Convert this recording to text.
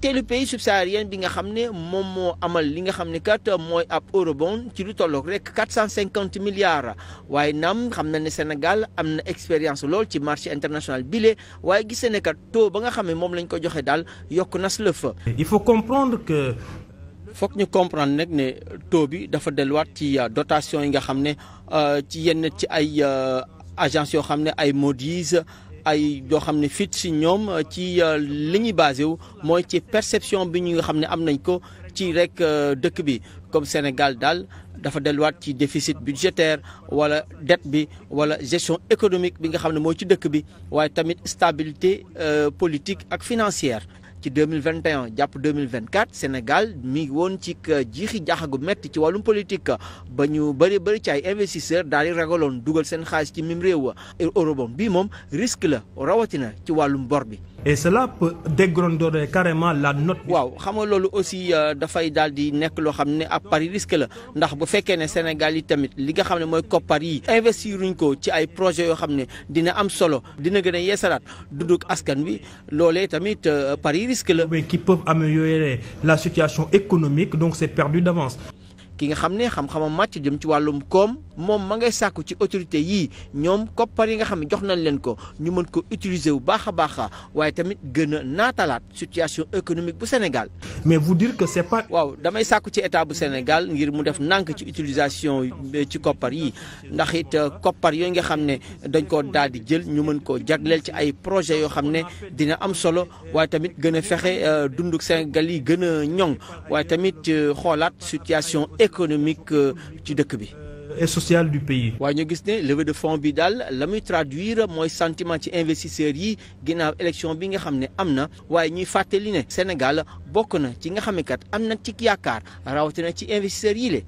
teelu pays subsaharien bi nga xam ne moom moo amal li nga xam ne kat mooy ab eurobond ci lu tolloog rek quatre cent cinquante milliards waaye naam xam na ne Sénégal am na expérience lool ci marché international bile waaye gis ne kat taux ba nga xam ne moom lañ ko joxe daal yokk nas la fa. il faut comprendre que. foog ñu comprendre nag ne taux bi dafa delluwaat ci euh, dotation yi nga xam ne euh, ci yenn ci ay euh, agence yoo xam ne ay Moody's. ay yoo xam ne fit si ñoom euh, ci euh, li ñuy basé wu mooy ci perception bi ñu nga xam ne am nañ ko ci rek euh, dëkk bi comme Sénégal daal dafa delluwaat ci déficit budgétaire wala dette bi wala gestion économique bi nga xam ne mooy ci dëkk bi waaye tamit stabilité politique ak financière ci 2021 jàpp 2024 Sénégal mi ngi woon ci jiixi jaaxa gu métti ci wàllum politique ba ñu bëri bëri ci ay investisseurs daal di ragaloon dugal seen xaalis ci mim réew eurobond bi moom risque la rawatina ci wàllum bor bi. et cela peut dégrader carrément la note. waaw xam nga loolu aussi euh, dafay dal di nekk loo xam ne ab pari risque la ndax bu fekkee ne Sénégal yi tamit li nga xam ne mooy koppar yi investiruñ ko ci ay projets yoo xam ne dina am solo dina gën a yeesalaat dunduk askan wi loolee tamit euh, pari. risque là. mais qui peuvent améliorer la situation économique donc c'est perdu d'avance. ki nga xam ne xam-xamam màcc jëm ci wàllum koom moom ma ngay sàkku ci autorité yii ñoom koppar yi nga xam ne jox nañ leen ko ñu mën ko utiliser bu baax a baax waaye tamit gën a naatalaat situation économique bu Sénégal. mais vous dire que c'est pas. waaw damay sàkku ci état bu Sénégal ngir mu def nànk ci utilisation ci koppar yi ndax it euh, koppar yooyu nga xam ne dañ koo daal di jël ñu mën koo jagleel ci ay projet yoo xam ne dina am solo waaye tamit gën a fexe euh, dunduk Sénégal yi gën a ñoŋ waaye tamit euh, xoolaat situation économique euh, ci dëkk bi. et sociale du pays. waaye ñu gis ne levée de fonds bi daal la muy traduire mooy santiment ci investisseurs yi ginnaaw élection bi nga xam ne am na waaye ñuy fàttali ne Sénégal bokk na ci nga xam ne kat am na ci yaakaar rawatina ci investisseurs yi le